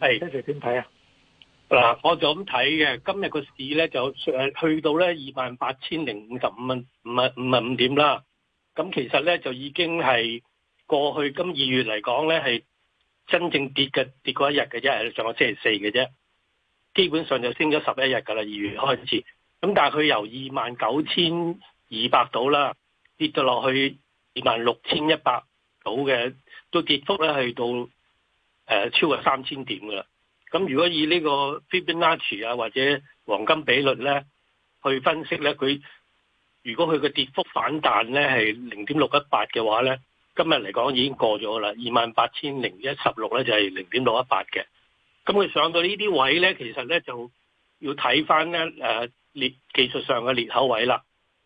係，跟住點睇啊？嗱，我就咁睇嘅。今日個市咧就誒去到咧二萬八千零五十五蚊五點啦。咁其實咧就已經係過去今二月嚟講咧係真正跌嘅跌過一日嘅啫，係上個星期四嘅啫。基本上就升咗十一日噶啦，二月開始。咁但係佢由二萬九千二百到啦，跌到落去二萬六千一百到嘅，都跌幅咧去到。誒超過三千點嘅啦，咁如果以呢個 Fibonacci 啊或者黃金比率咧去分析咧，佢如果佢嘅跌幅反彈咧係零點六一八嘅話咧，今日嚟講已經過咗啦，二萬八千零一十六咧就係零點六一八嘅，咁佢上到呢啲位咧，其實咧就要睇翻咧誒列技術上嘅裂口位啦，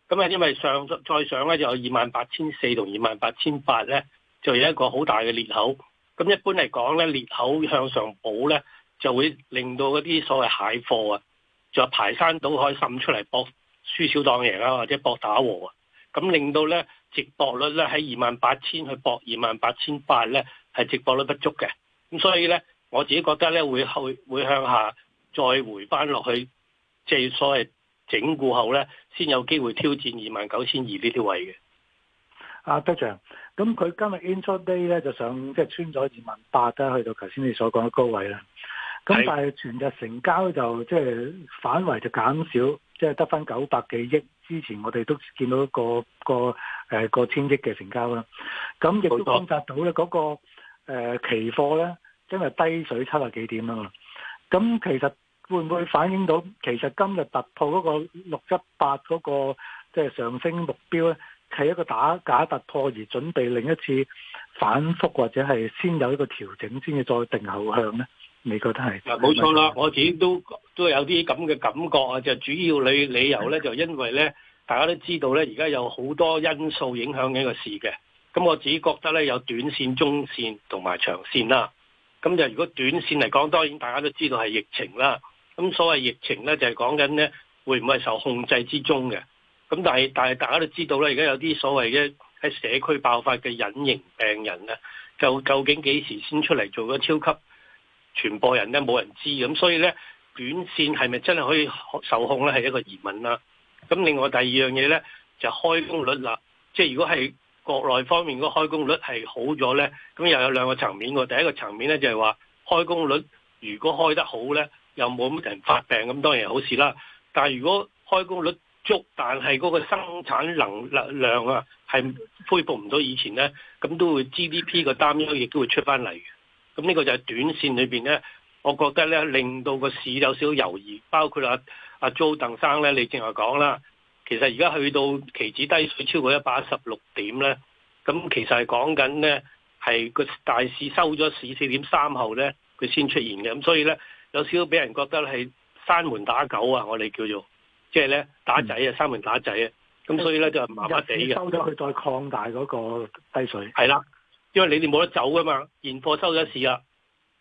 咁啊因為上再上咧就有二萬八千四同二萬八千八咧就有一個好大嘅裂口。咁一般嚟講咧，裂口向上補咧，就會令到嗰啲所謂蟹貨啊，就排山倒海滲出嚟搏輸少當贏呀、啊，或者搏打和啊，咁令到咧值博率咧喺二萬八千去搏28,800呢，二萬八千八咧，係值博率不足嘅。咁所以咧，我自己覺得咧會向向下再回翻落去，即、就、係、是、所謂整固後咧，先有機會挑戰二萬九千二呢啲位嘅。啊，主席，咁佢今日 intraday 咧就上即係、就是、穿咗二萬八啦，去到頭先你所講嘅高位啦。咁但係全日成交就即係、就是、反而就減少，即係得翻九百幾億。之前我哋都見到一個一個誒個,個千億嘅成交啦。咁亦都觀察到咧嗰個期貨咧，今日低水七啊幾點啦。咁其實會唔會反映到其實今日突破嗰個六一八嗰個即係、就是、上升目標咧？係一個打假突破而準備另一次反覆或者係先有一個調整先至再定後向咧，你覺得係？冇錯啦，我自己都都有啲咁嘅感覺啊！就主要理理由咧，就因為咧，大家都知道咧，而家有好多因素影響呢個事嘅。咁我自己覺得咧，有短線、中線同埋長線啦。咁就如果短線嚟講，當然大家都知道係疫情啦。咁所謂疫情咧，就係講緊咧會唔會係受控制之中嘅。咁但係但係大家都知道咧，而家有啲所謂嘅喺社區爆發嘅隱形病人咧，就究竟幾時先出嚟做個超級傳播人咧？冇人知，咁所以咧，短線係咪真係可以受控咧？係一個疑問啦。咁另外第二樣嘢咧，就開工率啦，即係如果係國內方面個開工率係好咗咧，咁又有兩個層面喎。第一個層面咧就係話開工率如果開得好咧，又冇咁多人發病，咁當然係好事啦。但係如果開工率，足，但係嗰個生產能力量啊，係恢復唔到以前咧，咁都會 GDP 個擔憂亦都會出翻嚟嘅。咁呢個就係短線裏邊咧，我覺得咧令到個市有少少猶豫。包括阿阿 Joe 鄧生咧，你正話講啦，其實而家去到期指低水超過一百一十六點咧，咁其實係講緊咧係個大市收咗市四點三後咧，佢先出現嘅。咁所以咧有少少俾人覺得係閂門打狗啊，我哋叫做。即係咧打仔啊、嗯，三門打仔啊，咁所以咧就麻麻地嘅。收咗佢再擴大嗰個低水。係啦，因為你哋冇得走㗎嘛，現貨收咗市啦，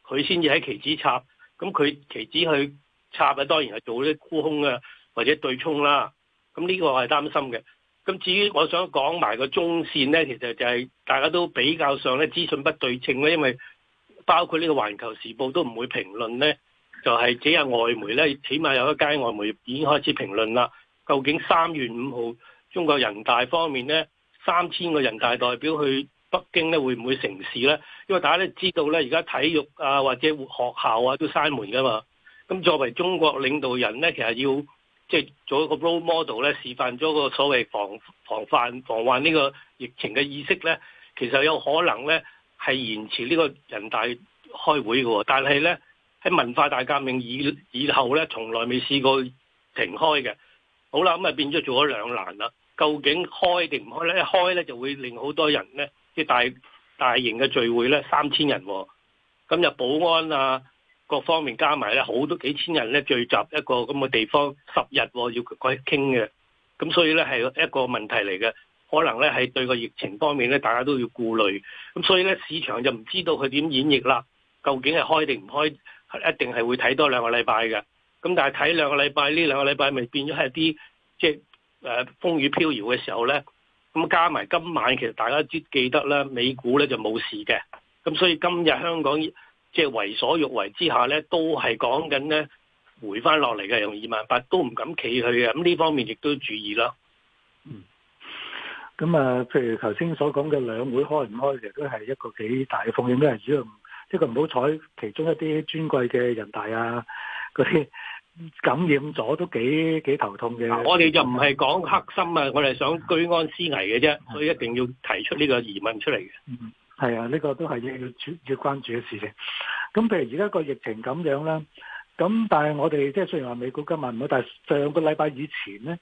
佢先至喺期指插，咁佢期指去插啊，當然係做啲沽空啊或者對沖啦。咁呢個我係擔心嘅。咁至於我想講埋個中線咧，其實就係大家都比較上咧資訊不對稱咧，因為包括呢、呢個環球時報都唔會評論咧。就係幾日外媒咧，起碼有一間外媒已經開始評論啦。究竟三月五號中國人大方面咧，三千個人大代表去北京咧，會唔會成事咧？因為大家都知道咧，而家體育啊或者學校啊都閂門噶嘛。咁作為中國領導人咧，其實要即係、就是、做一個 role model 咧，示範咗個所謂防防範防患呢個疫情嘅意識咧，其實有可能咧係延遲呢個人大開會喎、哦。但係咧。喺文化大革命以以後咧，從來未試過停開嘅。好啦，咁啊變咗做咗兩難啦。究竟開定唔開咧？一開咧就會令好多人咧，即係大大型嘅聚會咧，三千人、哦，咁、嗯、就保安啊各方面加埋咧，好多幾千人咧聚集一個咁嘅地方，十日、哦、要佢傾嘅。咁所以咧係一個問題嚟嘅，可能咧係對個疫情方面咧，大家都要顧慮。咁所以咧市場就唔知道佢點演繹啦。究竟係開定唔開？一定係會睇多兩個禮拜嘅，咁但係睇兩個禮拜，呢兩個禮拜咪變咗係啲即係誒風雨飄搖嘅時候咧，咁加埋今晚其實大家都記記得咧，美股咧就冇事嘅，咁所以今日香港即係、就是、為所欲為之下咧，都係講緊咧回翻落嚟嘅，由二萬八都唔敢企佢嘅，咁呢方面亦都注意咯。嗯，咁啊，譬如頭先所講嘅兩會開唔開，其實都係一個幾大嘅風險，因為如果呢個唔好彩，其中一啲尊貴嘅人大啊，嗰啲感染咗都幾幾頭痛嘅、啊。我哋就唔係講黑心啊，我哋想居安思危嘅啫，所以一定要提出呢個疑問出嚟嘅。嗯，係啊，呢個都係要要要關注嘅事情。咁譬如而家個疫情咁樣啦，咁但係我哋即係雖然話美國今日唔好，但係上個禮拜以前咧，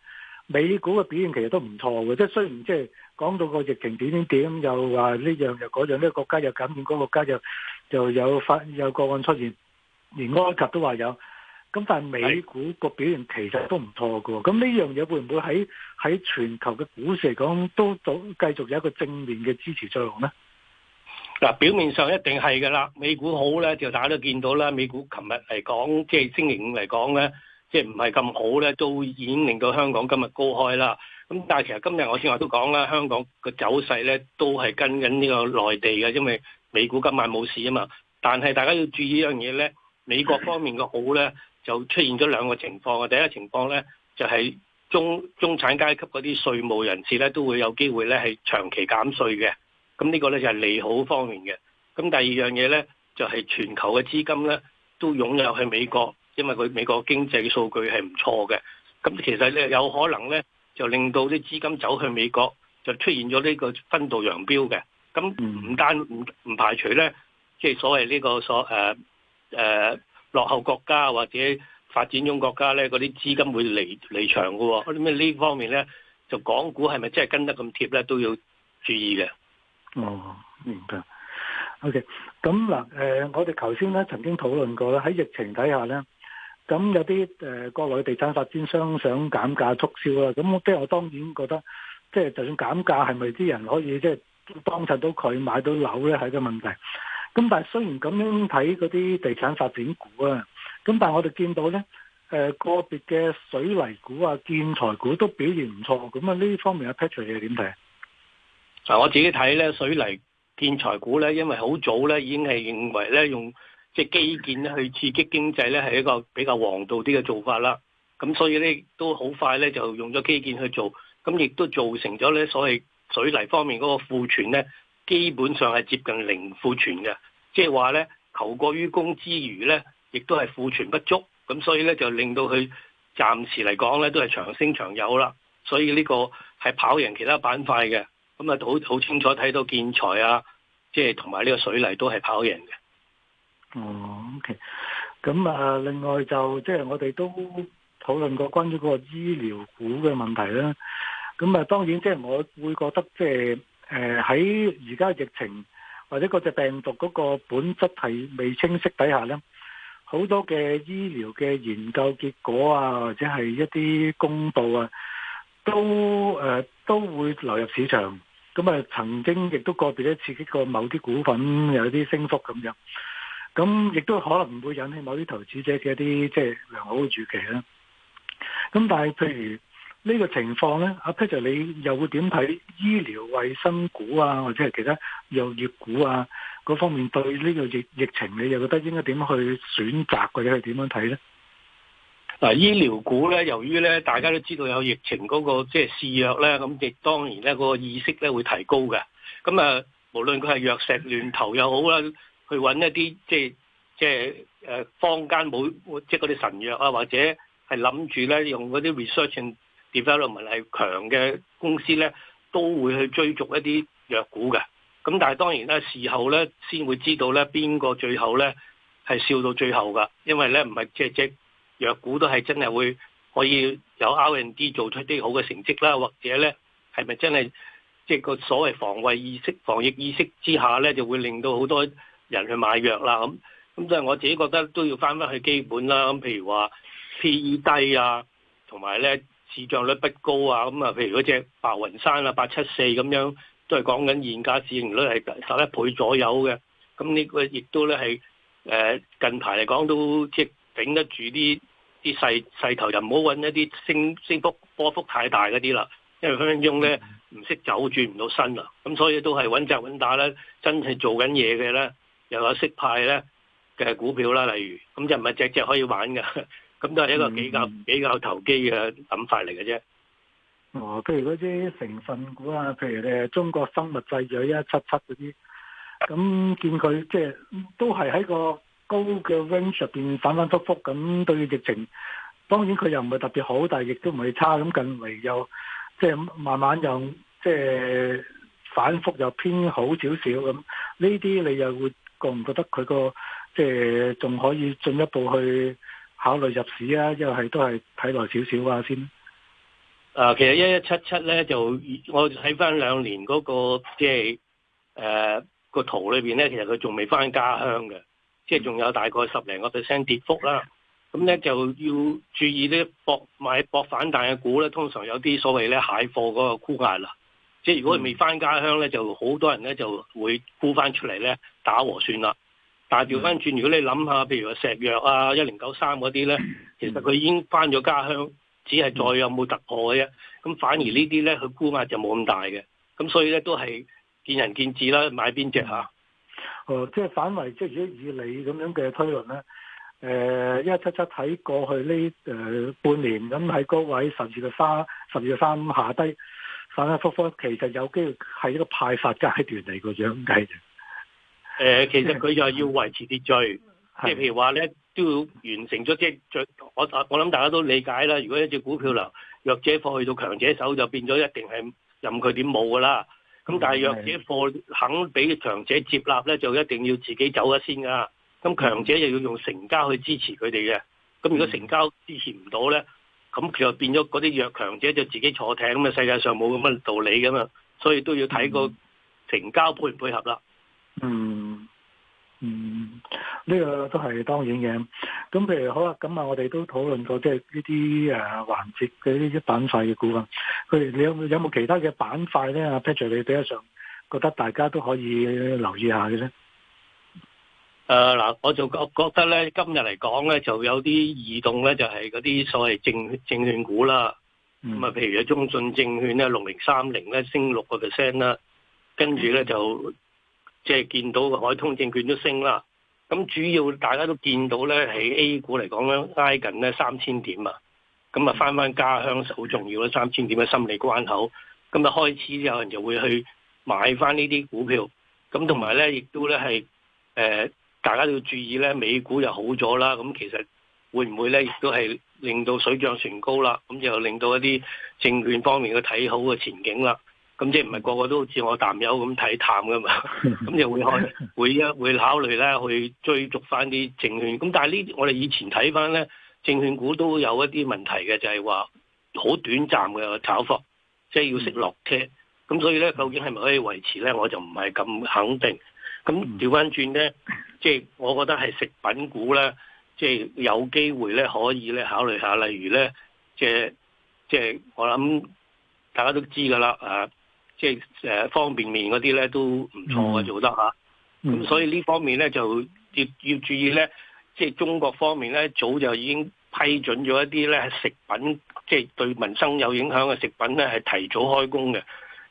美股嘅表現其實都唔錯嘅，即係雖然即係講到個疫情點點點，又話呢樣又嗰樣，呢個國家又感染，嗰個國家又又有發有個案出現，連埃及都話有。咁但係美股個表現其實都唔錯嘅。咁呢樣嘢會唔會喺喺全球嘅股市嚟講都續繼續有一個正面嘅支持作用咧？嗱，表面上一定係㗎啦，美股好咧就大家都見到啦。美股琴日嚟講，即係星期五嚟講咧。即係唔係咁好咧，都已經令到香港今日高開啦。咁但係其實今日我先話都講啦，香港個走勢咧都係跟緊呢個內地嘅，因為美股今晚冇市啊嘛。但係大家要注意一樣嘢咧，美國方面嘅好咧就出現咗兩個情況啊。第一個情況咧就係、是、中中產階級嗰啲稅務人士咧都會有機會咧係長期減稅嘅。咁呢個咧就係、是、利好方面嘅。咁第二樣嘢咧就係、是、全球嘅資金咧都湧入去美國。因為佢美國經濟嘅數據係唔錯嘅，咁其實咧有可能咧就令到啲資金走去美國，就出現咗呢個分道揚鑣嘅。咁唔單唔唔排除咧，即係所謂呢個所誒誒落後國家或者發展中國家咧，嗰啲資金會離離場嘅。哦，咁咩呢方面咧，就港股係咪真係跟得咁貼咧，都要注意嘅。哦，明白。O K，咁嗱誒，我哋頭先咧曾經討論過啦，喺疫情底下咧。咁有啲誒、呃、國內地產發展商想減價促銷啦，咁即係我當然覺得，即係就算減價，係咪啲人可以即係幫襯到佢買到樓咧，係一個問題。咁但係雖然咁樣睇嗰啲地產發展股啊，咁但係我哋見到咧誒、呃、個別嘅水泥股啊、建材股都表現唔錯，咁啊呢方面阿 Patrick 你點睇？嗱，我自己睇咧水泥、建材股咧，因為好早咧已經係認為咧用。即係基建咧，去刺激經濟咧，係一個比較王道啲嘅做法啦。咁所以咧，都好快咧，就用咗基建去做，咁亦都造成咗咧所謂水泥方面嗰個庫存咧，基本上係接近零庫存嘅。即係話咧，求過於供之餘咧，亦都係庫存不足。咁所以咧，就令到佢暫時嚟講咧，都係長升長有啦。所以呢個係跑贏其他板塊嘅。咁啊，好好清楚睇到建材啊，即係同埋呢個水泥都係跑贏嘅。哦，OK。咁啊，另外就即係我哋都討論過關於嗰個醫療股嘅問題啦。咁啊，當然即係我會覺得，即係誒喺而家疫情或者嗰隻病毒嗰個本質係未清晰底下咧，好多嘅醫療嘅研究結果啊，或者係一啲公布啊，都誒都會流入市場。咁啊，曾經亦都個別咧刺激過某啲股份有啲升幅咁樣。咁亦都可能唔會引起某啲投資者嘅一啲即係良好嘅預期啦。咁但係譬如呢個情況咧，阿 Peter 你又會點睇醫療衛生股啊，或者係其他藥業股啊嗰方面對呢個疫疫情，你又覺得應該點去選擇或者係點樣睇咧？嗱，醫療股咧，由於咧大家都知道有疫情嗰個即係試藥咧，咁亦當然咧個意識咧會提高嘅。咁啊，無論佢係藥石亂投又好啦。去揾一啲即係即係誒坊間冇即係嗰啲神藥啊，或者係諗住咧用嗰啲 research and development 係強嘅公司咧，都會去追逐一啲藥股嘅。咁但係當然咧，事後咧先會知道咧邊個最後咧係笑到最後噶，因為咧唔係即係即係藥股都係真係會可以有 R and D 做出啲好嘅成績啦，或者咧係咪真係即係個所謂防衛意識防疫意識之下咧，就會令到好多人去買藥啦，咁咁即係我自己覺得都要翻返去基本啦。咁譬如話 PE 低啊，同埋咧市漲率不高啊，咁啊，譬如嗰隻白雲山啊，八七四咁樣，都係講緊現價市盈率係十一倍左右嘅。咁呢個亦都咧係誒近排嚟講都即係頂得住啲啲勢勢頭不要找，就唔好揾一啲升升幅波幅太大嗰啲啦，因為分分鐘咧唔識走轉唔到身啊。咁所以都係穩紮穩打咧，真係做緊嘢嘅咧。又有息派咧嘅股票啦，例如咁就唔係只隻可以玩嘅，咁都係一個比較、嗯、比較投機嘅諗法嚟嘅啫。哦，譬如嗰啲成分股啊，譬如誒中國生物製藥、就是、一七七嗰啲，咁見佢即係都係喺個高嘅 range 入邊反反覆覆咁對疫情，當然佢又唔係特別好，但係亦都唔係差，咁近嚟又即係、就是、慢慢又即係、就是、反覆又偏好少少咁，呢啲你又會。覺唔覺得佢個即係仲可以進一步去考慮入市啊？又係都係睇耐少少啊先。啊，其實一一七七咧就我睇翻兩年嗰個即係誒個圖裏邊咧，其實佢仲未翻家鄉嘅，即係仲有大概十零個 percent 跌幅啦。咁咧就要注意咧，博買博反彈嘅股咧，通常有啲所謂咧蟹貨嗰個沽價。啦即係如果佢未翻家鄉咧、嗯，就好多人咧就會沽翻出嚟咧打和算啦。但係調翻轉，如果你諗下，譬如石藥啊、一零九三嗰啲咧，其實佢已經翻咗家鄉，只係再有冇突破嘅啫。咁、嗯、反而這些呢啲咧，佢沽壓就冇咁大嘅。咁所以咧都係見仁見智啦，買邊隻嚇？哦、嗯，即係反為即係如果以你咁樣嘅推論咧。誒一七七睇過去呢誒、呃、半年咁喺高位12，十二月嘅三，十二月嘅三下低。反反覆覆其實有機會係一個派發階段嚟個樣計。誒、呃，其實佢就要維持秩序，嗯、即係譬如話咧，都要完成咗即係最我我諗大家都理解啦。如果一隻股票嚟弱者貨去到強者手，就變咗一定係任佢點冇噶啦。咁、嗯、但係弱者貨肯俾強者接納咧，就一定要自己走咗先噶。咁強者又要用成交去支持佢哋嘅。咁如果成交支持唔到咧？嗯呢咁佢又變咗嗰啲弱強者就自己坐艇咁啊！世界上冇咁乜道理噶嘛，所以都要睇個成交配唔配合啦。嗯嗯，呢個都係當然嘅。咁譬如好啦，咁啊，我哋都討論過即係呢啲誒環節嘅呢啲板塊嘅股份。佢哋你有冇有冇其他嘅板塊咧？阿 Patrick 你比較上覺得大家都可以留意一下嘅咧？誒、呃、嗱，我就覺覺得咧，今日嚟講咧，就有啲異動咧，就係嗰啲所謂證證券股啦。咁啊，譬如啊，中信證券咧，六零三零咧升六個 percent 啦，跟住咧就即係、就是、見到海通證券都升啦。咁主要大家都見到咧，喺 A 股嚟講咧，挨近咧三千點啊。咁啊，翻翻家鄉好重要啦，三千點嘅心理關口。咁啊，開始有人就會去買翻呢啲股票。咁同埋咧，亦都咧係誒。呃大家要注意咧，美股又好咗啦，咁其實會唔會咧，亦都係令到水漲船高啦，咁就令到一啲證券方面嘅睇好嘅前景啦。咁即係唔係個個都好似我淡友咁睇淡㗎嘛？咁就會開 會一會考慮咧，去追逐翻啲證券。咁但係呢，我哋以前睇翻咧，證券股都有一啲問題嘅，就係話好短暫嘅炒貨，即係要識落車。咁所以咧，究竟係咪可以維持咧？我就唔係咁肯定。咁調翻轉咧，即係我覺得係食品股咧，即係有機會咧，可以咧，考慮下，例如咧，即係即係我諗大家都知噶啦，即係誒方便麵嗰啲咧都唔錯嘅，做得嚇咁、嗯、所以呢方面咧就要要注意咧，即係中國方面咧早就已經批准咗一啲咧食品，即係對民生有影響嘅食品咧係提早開工嘅。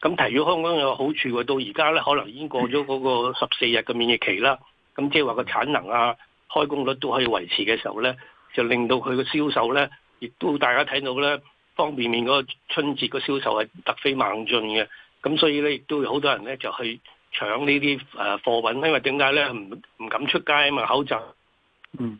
咁提咗香港有好處喎，到而家呢，可能已經過咗嗰個十四日嘅免疫期啦，咁即係話個產能啊、開工率都可以維持嘅時候呢，就令到佢嘅銷售呢，亦都大家睇到呢方便麵嗰個春節個銷售係突飛猛進嘅，咁所以呢，亦都有好多人呢就去搶呢啲誒貨品，因為點解呢？唔唔敢出街啊嘛，口罩。嗯。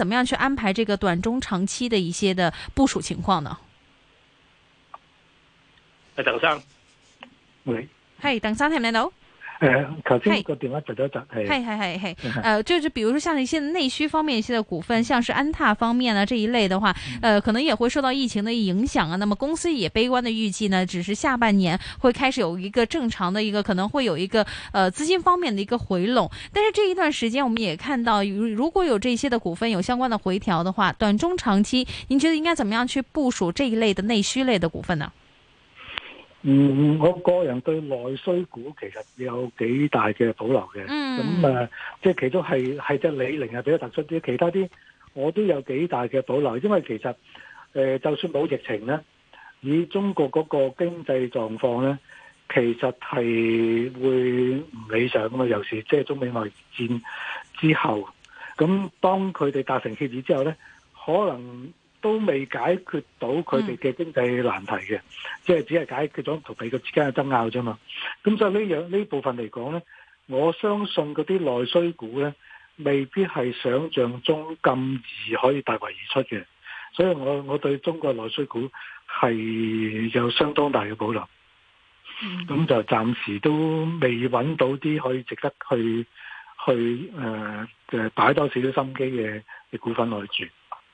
怎麼樣去安排這個短、中、長期的一些的部署情況呢？等 hey, hey, hey, hey, 呃，頭先個電話接咗一集，係，系系系系，呃，就是比如說像一些內需方面一些的股份，像是安踏方面呢這一類的話，呃，可能也會受到疫情的影響啊。那麼公司也悲觀的預計呢，只是下半年會開始有一個正常的一個，可能會有一個，呃，資金方面的一個回籠。但是這一段時間我們也看到，如如果有這些的股份有相關的回調的話，短中長期，您覺得應該怎麼樣去部署這一類的內需類的股份呢？嗯，我個人對內需股其實有幾大嘅保留嘅，咁、嗯、啊、呃，即係其中係係隻李寧係比較突出啲，其他啲我都有幾大嘅保留，因為其實誒、呃、就算冇疫情咧，以中國嗰個經濟狀況咧，其實係會唔理想噶嘛，尤其是即係中美貿易戰之後，咁當佢哋達成協議之後咧，可能。都未解決到佢哋嘅經濟難題嘅、嗯，即係只係解決咗同美國之間嘅爭拗啫嘛。咁所以呢樣呢部分嚟講呢，我相信嗰啲內需股呢未必係想像中咁易可以突圍而出嘅。所以我我對中國內需股係有相當大嘅保留。咁、嗯、就暫時都未揾到啲可以值得去去誒嘅、呃、擺多少少心機嘅嘅股份內住。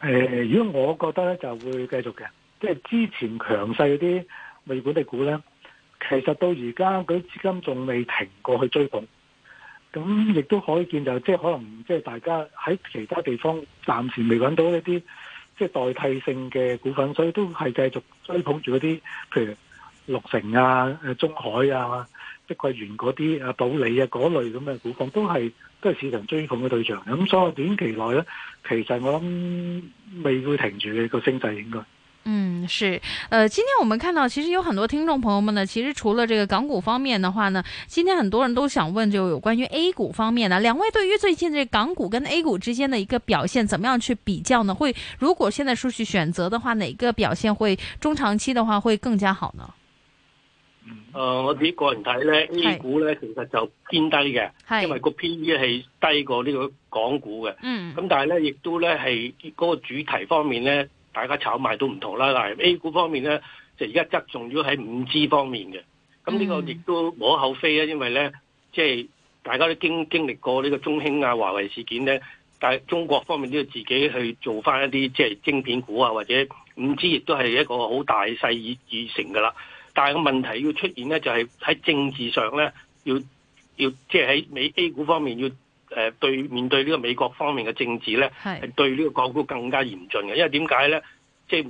誒、呃，如果我覺得咧，就會繼續嘅。即、就、係、是、之前強勢嗰啲未管地股咧，其實到而家嗰啲資金仲未停過去追捧，咁亦都可以見就即係可能即係大家喺其他地方暫時未揾到一啲即係代替性嘅股份，所以都係繼續追捧住嗰啲，譬如綠城啊、誒中海啊。碧桂園嗰啲啊，保利啊，嗰類咁嘅股份都係都係市場追捧嘅對象咁、嗯、所以短期內咧，其實我諗未會停住嘅個升勢應該。嗯，是，呃，今天我們看到，其實有很多聽眾朋友們呢，其實除了這個港股方面的話呢，今天很多人都想問，就有關於 A 股方面呢，兩位對於最近這港股跟 A 股之間的一個表現，怎麼樣去比較呢？會如果現在出去選擇的話，哪個表現會中長期的話會更加好呢？誒、呃，我自己個人睇咧，A 股咧其實就偏低嘅，因為個 P/E 係低過呢個港股嘅。咁、嗯、但係咧，亦都咧係嗰個主題方面咧，大家炒賣都唔同啦。但嗱，A 股方面咧，就而家側重於喺五 G 方面嘅。咁呢個亦都無可厚非啊、嗯，因為咧，即、就、係、是、大家都經經歷過呢個中興啊、華為事件咧，但係中國方面都要自己去做翻一啲即係晶片股啊，或者五 G 亦都係一個好大勢已成嘅啦。但係個問題要出現咧，就係、是、喺政治上咧，要要即係喺美 A 股方面要誒對、呃、面對呢個美國方面嘅政治咧，係對呢個港股更加嚴峻嘅。因為點解咧？即係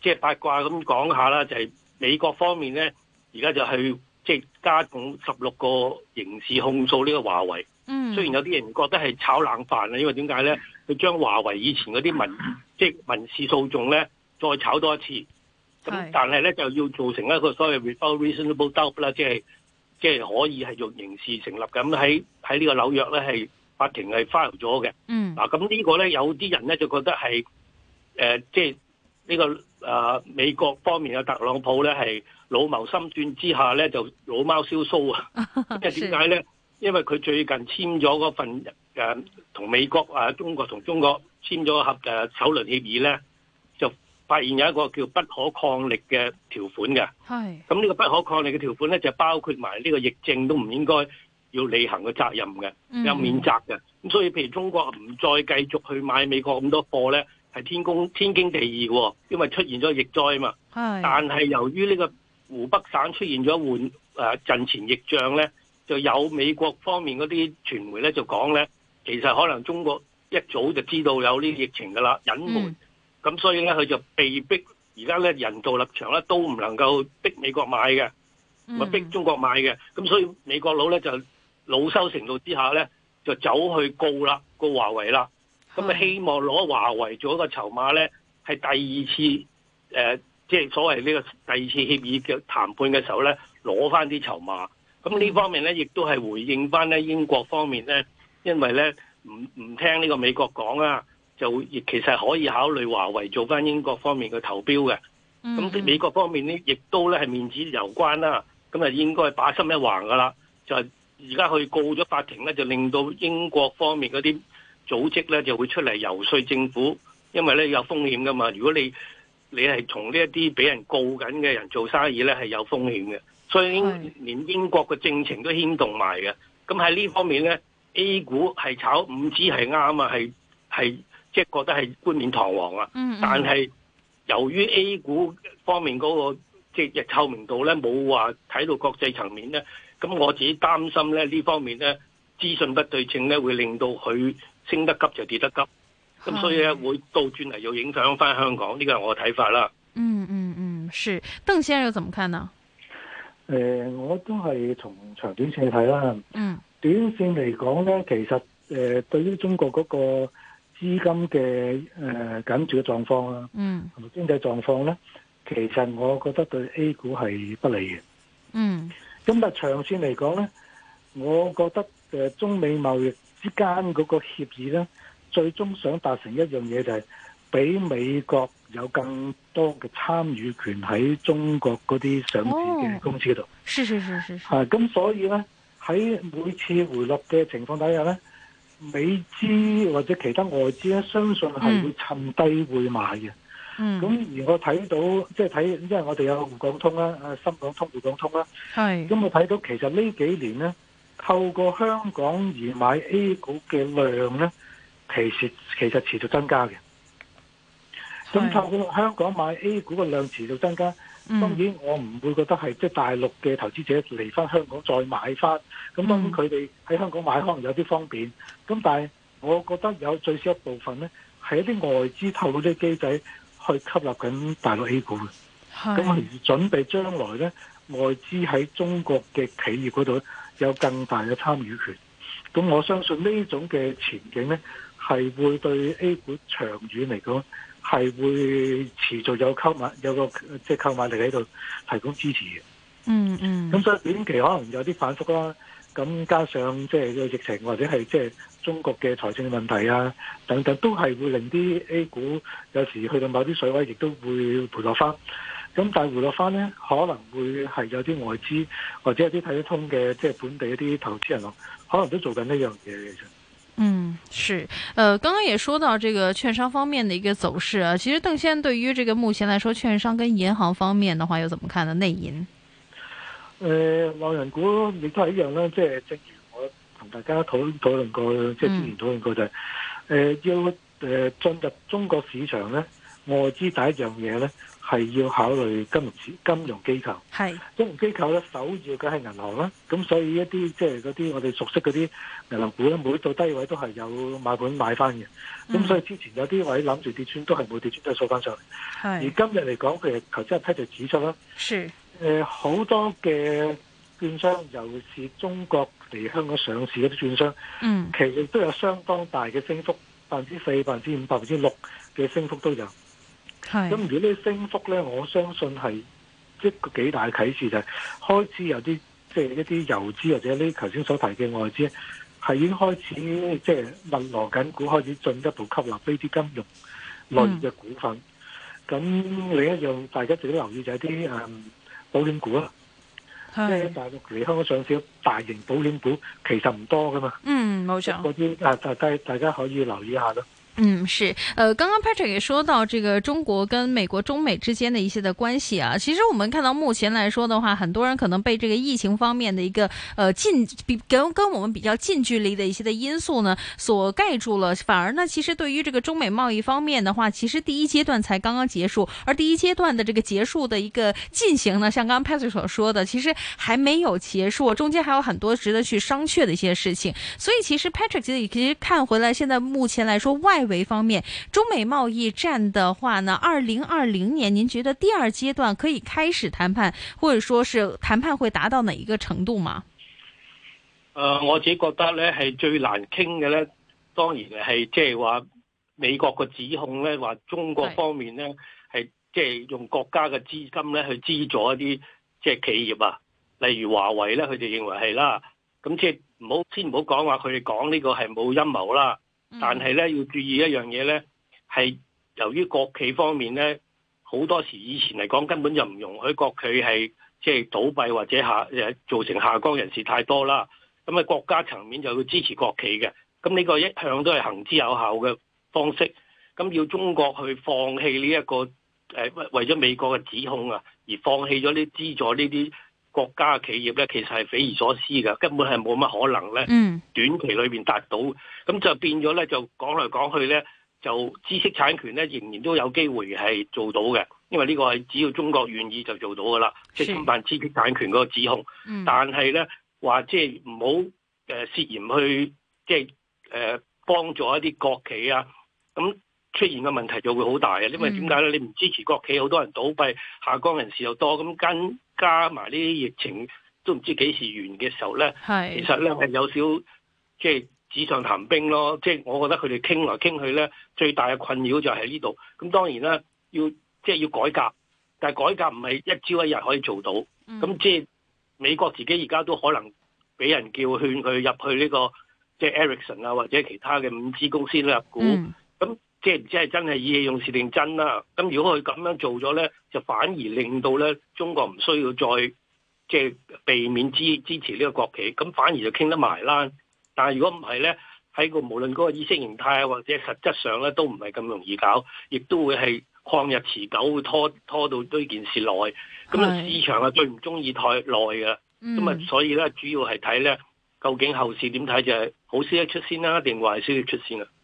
即係八卦咁講下啦，就係、是、美國方面咧，而家就係即係加重十六個刑事控訴呢個華為。嗯，雖然有啲人覺得係炒冷飯啦，因為點解咧？佢將華為以前嗰啲民即係、就是、民事訴訟咧，再炒多一次。咁但係咧，就要做成一個所謂 reasonable doubt 啦、就是，即係即係可以係用刑事成立咁，喺喺呢個紐約咧，係法庭係 file 咗嘅。嗯，嗱、啊、咁呢個咧，有啲人咧，就覺得係即係呢個啊、呃、美國方面嘅特朗普咧係老謀深算之下咧，就老貓燒須啊，即係點解咧？因為佢最近簽咗嗰份同、呃、美國啊、呃、中國同中國簽咗合誒首輪協議咧就。發現有一個叫不可抗力嘅條款嘅，係咁呢個不可抗力嘅條款咧，就包括埋呢個疫症都唔應該要履行嘅責任嘅、嗯，有免責嘅。咁所以譬如中國唔再繼續去買美國咁多貨咧，係天公天經地義嘅、哦，因為出現咗疫災啊嘛。係，但係由於呢個湖北省出現咗緩陣前疫症咧，就有美國方面嗰啲傳媒咧就講咧，其實可能中國一早就知道有呢啲疫情嘅啦，隱瞞。嗯。咁所以咧，佢就被逼而家咧人道立場咧，都唔能夠逼美國買嘅，mm. 逼中國買嘅。咁所以美國佬咧就老羞成怒之下咧，就走去告啦，告華為啦。咁啊，希望攞華為做一個籌碼咧，係第二次即係、呃就是、所謂呢個第二次協議嘅談判嘅時候咧，攞翻啲籌碼。咁呢方面咧，亦、mm. 都係回應翻咧英國方面咧，因為咧唔唔聽呢個美國講啊。就亦其實可以考慮華為做翻英國方面嘅投標嘅，咁、嗯、美國方面呢，亦都咧係面子有關啦。咁啊，應該把心一橫噶啦，就係而家去告咗法庭咧，就令到英國方面嗰啲組織咧就會出嚟游說政府，因為咧有風險噶嘛。如果你你係從呢一啲俾人告緊嘅人做生意咧，係有風險嘅。所以連英國嘅政情都牽動埋嘅。咁喺呢方面咧，A 股係炒五 G 係啱啊，係係。即、就、係、是、覺得係冠冕堂皇啊，嗯嗯但係由於 A 股方面嗰、那個即係透明度咧，冇話睇到國際層面咧，咁我自己擔心咧呢這方面咧資訊不對稱咧，會令到佢升得急就跌得急，咁所以咧會倒轉嚟，又影響翻香港，呢、這個係我嘅睇法啦。嗯嗯嗯，是，鄧先生又怎麼看呢？誒、呃，我都係從長短線睇啦。嗯，短線嚟講咧，其實誒、呃、對於中國嗰、那個。資金嘅誒緊住嘅狀況啦，同、呃嗯、經濟狀況咧，其實我覺得對 A 股係不利嘅。嗯，咁但係長線嚟講咧，我覺得誒中美貿易之間嗰個協議咧，最終想達成一樣嘢就係俾美國有更多嘅參與權喺中國嗰啲上市嘅公司度、哦。是是是是是，咁、啊、所以咧喺每次回落嘅情況底下咧。美資或者其他外資咧，相信係會趁低會買嘅。咁、嗯、而我睇到即係睇，因為我哋有滬港通啦、深港通、滬港通啦。係咁我睇到其實呢幾年咧，透過香港而買 A 股嘅量咧，其實其實持續增加嘅。咁透過香港買 A 股嘅量持續增加。嗯、當然，我唔會覺得係即係大陸嘅投資者嚟翻香港再買翻，咁當然佢哋喺香港買可能有啲方便。咁、嗯、但係，我覺得有最少一部分呢係一啲外資透過啲機仔去吸納緊大陸 A 股嘅。咁而準準備將來呢外資喺中國嘅企業嗰度有更大嘅參與權。咁我相信呢種嘅前景呢。係會對 A 股長遠嚟講，係會持續有購買，有個即係購買力喺度提供支持嘅。嗯嗯。咁所以短期可能有啲反覆啦。咁加上即係個疫情或者係即係中國嘅財政問題啊等等，都係會令啲 A 股有時去到某啲水位，亦都會回落翻。咁但係回落翻咧，可能會係有啲外資或者有啲睇得通嘅，即係本地一啲投資人咯，可能都做緊呢樣嘢嘅。嗯，是，呃，剛剛也說到這個券商方面的一個走勢啊，其實鄧先對於這個目前來說，券商跟銀行方面的話又怎麼看呢？內銀？呃外人股亦都係一樣啦，即係正如我同大家討論討論過，即係之前討論過就係，誒、嗯呃，要誒進入中國市場咧，外資第一樣嘢咧。係要考慮金融機金融機構，係金融機構咧，首要嘅係銀行啦。咁所以一啲即係嗰啲我哋熟悉嗰啲銀行股咧，每到低位都係有買盤買翻嘅。咁、嗯、所以之前有啲位諗住跌穿都係冇跌穿，都係數翻上嚟。而今日嚟講，佢哋頭先 Peter 指出啦，係誒好多嘅券商，尤其是中國嚟香港上市嗰啲券商，嗯，其實都有相當大嘅升幅，百分之四、百分之五、百分之六嘅升幅都有。咁如果呢啲升幅咧，我相信係一個幾大嘅啟示就係、是、開始有啲，即、就、係、是、一啲遊資或者呢頭先所提嘅外資，係已經開始即係聞羅緊股，開始進一步吸納呢啲金融類嘅股份。咁、嗯、另一樣，大家自己留意就係啲誒保險股啦，即係大陸嚟香港上市大型保險股其實唔多噶嘛。嗯，冇錯。啲誒大家大家可以留意一下咯。嗯，是，呃，剛剛 Patrick 也說到這個中國跟美國、中美之間的一些的關係啊。其實我們看到目前來說的話，很多人可能被這個疫情方面的一個呃近比跟跟我們比較近距離的一些的因素呢所蓋住了，反而呢，其實對於這個中美貿易方面的話，其實第一階段才剛剛結束，而第一階段的這個結束的一個進行呢，像剛剛 Patrick 所說的，其實還沒有結束，中間還有很多值得去商榷的一些事情。所以其實 Patrick 也其實看回來，現在目前來說外。為方面，中美貿易戰的話呢，二零二零年，您覺得第二階段可以開始談判，或者說是談判會達到哪一個程度嗎？誒、呃，我自己覺得咧，係最難傾嘅咧，當然係即係話美國嘅指控咧，話中國方面咧係即係用國家嘅資金咧去資助一啲即係企業啊，例如華為咧，佢哋認為係啦，咁即係唔好先唔好講話，佢哋講呢個係冇陰謀啦。嗯、但係咧要注意一樣嘢咧，係由於國企方面咧，好多時以前嚟講根本就唔容許國企係即係倒閉或者下誒造成下崗人士太多啦。咁、嗯、啊國家層面就要支持國企嘅，咁、嗯、呢、呢個一向都係行之有效嘅方式。咁、嗯、要中國去放棄呢一個誒、呃、為咗美國嘅指控啊，而放棄咗呢啲資助呢啲。國家嘅企業咧，其實係匪夷所思嘅，根本係冇乜可能咧。短期裏邊達到咁、嗯、就變咗咧，就講嚟講去咧，就知識產權咧，仍然都有機會係做到嘅。因為呢個係只要中國願意就做到㗎啦，即係侵犯知識產權嗰個指控。嗯、但係咧話即係唔好誒涉嫌去即係誒幫助一啲國企啊咁。嗯出現嘅問題就會好大嘅，因為點解咧？你唔支持國企，好多人倒閉，下崗人士又多，咁跟加埋呢啲疫情都唔知幾時完嘅時候咧，其實咧係有少即係紙上談兵咯。即係我覺得佢哋傾來傾去咧，最大嘅困擾就係呢度。咁當然啦，要即係要改革，但係改革唔係一朝一日可以做到。咁即係美國自己而家都可能俾人叫勸佢入去呢個即係 Ericsson 啊或者其他嘅五 G 公司入股。嗯即係唔知係真係意氣用事定真啦。咁如果佢咁樣做咗咧，就反而令到咧中國唔需要再即係避免支支持呢個國企，咁反而就傾得埋啦。但係如果唔係咧，喺個無論嗰個意識形態啊，或者實質上咧，都唔係咁容易搞，亦都會係曠日持久，會拖拖到呢件事耐。咁啊，市場啊最唔中意太耐嘅。咁啊，所以咧主要係睇咧究竟後市點睇，就係、是、好消息出先啦，定壞消息出先啦、啊。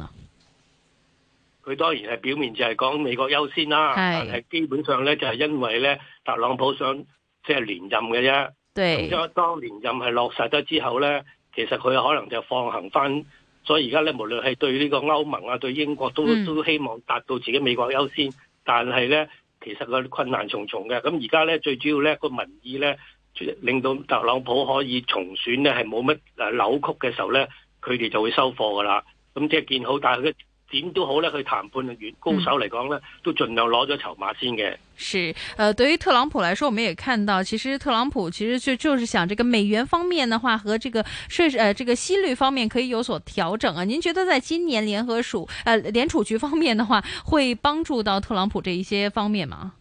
佢當然係表面就係講美國優先啦，啊，但係基本上咧就係、是、因為咧特朗普想即係、就是、連任嘅啫。咁即係當連任係落實咗之後咧，其實佢可能就放行翻。所以而家咧，無論係對呢個歐盟啊，對英國都都希望達到自己美國優先。嗯、但係咧，其實佢困難重重嘅。咁而家咧，最主要咧個民意咧令到特朗普可以重選咧係冇乜誒扭曲嘅時候咧，佢哋就會收貨㗎喇。咁即係見好，但係佢。點都好咧，去談判高手嚟講咧，都盡量攞咗籌碼先嘅。是，誒、呃，對於特朗普來說，我們也看到，其實特朗普其實就就是想，這個美元方面的話，和這個稅誒、呃，這個息率方面可以有所調整啊。您覺得在今年聯合署誒、呃、聯儲局方面的話，會幫助到特朗普這一些方面嗎？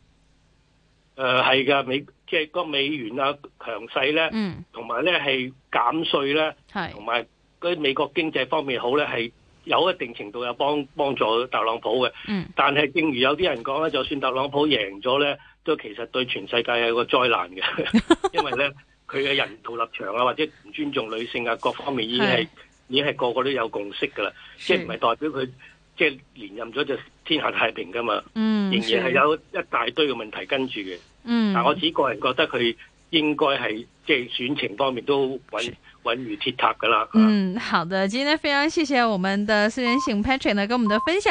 誒、呃，係噶美，即係個美元啊強勢咧，嗯，同埋咧係減稅咧，係，同埋啲美國經濟方面好咧，係。有一定程度有幫幫助特朗普嘅、嗯，但係正如有啲人講咧，就算特朗普贏咗咧，都其實對全世界係個災難嘅， 因為咧佢嘅人道立場啊，或者唔尊重女性啊，各方面已經係已經係個個都有共識噶啦，即係唔係代表佢即係連任咗就天下太平噶嘛、嗯？仍然係有一大堆嘅問題跟住嘅、嗯。但我自己個人覺得佢應該係即係選情方面都穩。穩如鐵塔噶啦，嗯，好的，今天非常謝謝我們的施仁醒 Patrick 呢，跟我們的分享。